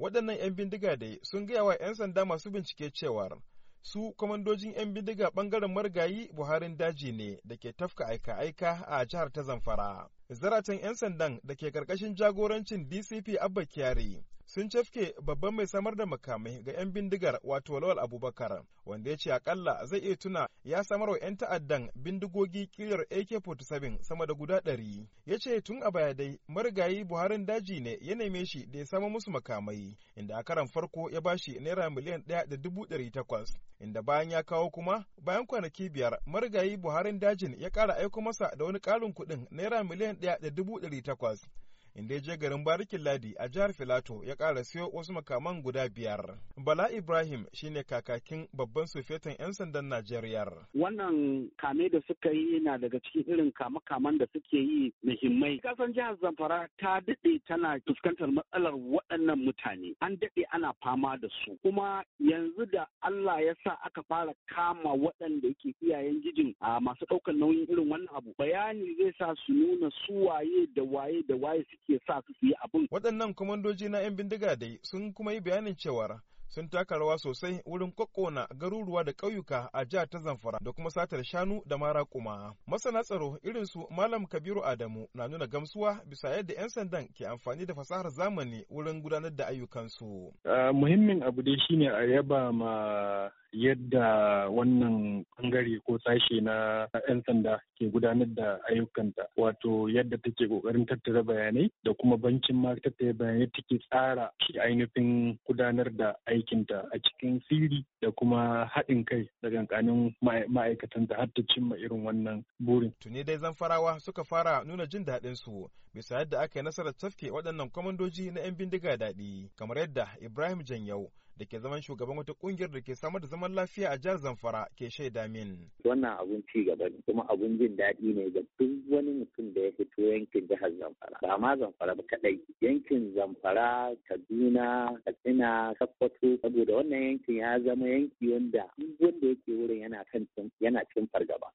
waɗannan 'yan bindiga dai sun gaya wa 'yan sanda masu bincike cewar su kwamandojin 'yan bindiga ɓangaren marigayi buharin daji ne da ke tafka aika-aika a jihar ta zamfara zaratan 'yan sandan da ke karkashin jagorancin dcp abba kyari sun cafke babban mai samar da makamai ga 'yan bindigar wato lawal abubakar wanda ya ce akalla zai iya tuna ya samar wa 'yan ta'addan bindigogi kilar ak-47 sama da guda 100 ya ce tun a baya dai marigayi buharin daji ne ya neme shi da ya samu musu makamai inda a karan farko ya bashi naira miliyan ɗaya da dubu ɗari takwas inda bayan ya kawo kuma bayan kwanaki biyar marigayi buharin dajin ya kara aiko masa da wani ƙarin kudin naira miliyan ɗaya da dubu ɗari takwas inda ya je garin barikin ladi a jihar filato ya ƙara siyo wasu makaman guda biyar bala ibrahim shine kakakin babban sufetan 'yan sandan najeriya wannan kame da suka yi na daga cikin irin kama-kaman da suke yi muhimmai kasan jihar zamfara ta daɗe tana fuskantar matsalar waɗannan mutane an daɗe ana fama da su kuma yanzu da allah ya sa aka fara kama waɗanda yake iyayen gijin a masu ɗaukar nauyin irin wannan abu bayani zai sa su nuna su waye da waye da waye suke sa su yi abin. Waɗannan kwamandoji na 'yan bindiga dai sun kuma yi bayanin cewar sun taka rawa sosai wurin kokona garuruwa da ƙauyuka a jihar ta Zamfara da kuma satar shanu da mara kuma. Masana tsaro irin su Malam Kabiru Adamu na nuna gamsuwa bisa yadda 'yan sandan ke amfani da fasahar zamani wurin gudanar da ayyukansu. muhimmin abu dai shine a yaba ma yadda wannan bangare ko sashe na 'yan sanda ke gudanar da ayyukanta wato yadda take kokarin tattara bayanai da kuma bankin ma tattara bayanai take tsara shi ainihin gudanar da ayyukan aikinta a cikin sirri da kuma haɗin kai daga kanin ma'aikatanta har ta cimma irin wannan burin. Tuni dai zamfarawa suka fara nuna jin daɗin su bisa yadda aka yi nasarar tafke waɗannan kwamandoji na 'yan bindiga daɗi kamar yadda Ibrahim Janyau da ke zaman shugaban wata kungiyar da ke samar da zaman lafiya a jihar Zamfara ke shaida min. Wannan abun ci gaba ne kuma abun jin daɗi ne ga duk wani mutum da ya fito yankin jihar Zamfara. Ba ma Zamfara ba kaɗai. Yankin Zamfara, Kaduna, Katsina, Sokoto saboda wannan yankin ya zama yanki wanda duk wanda yake wurin yana kan yana cin fargaba.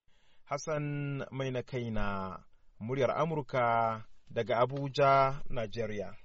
Hassan mai na kaina muryar Amurka daga Abuja, Najeriya.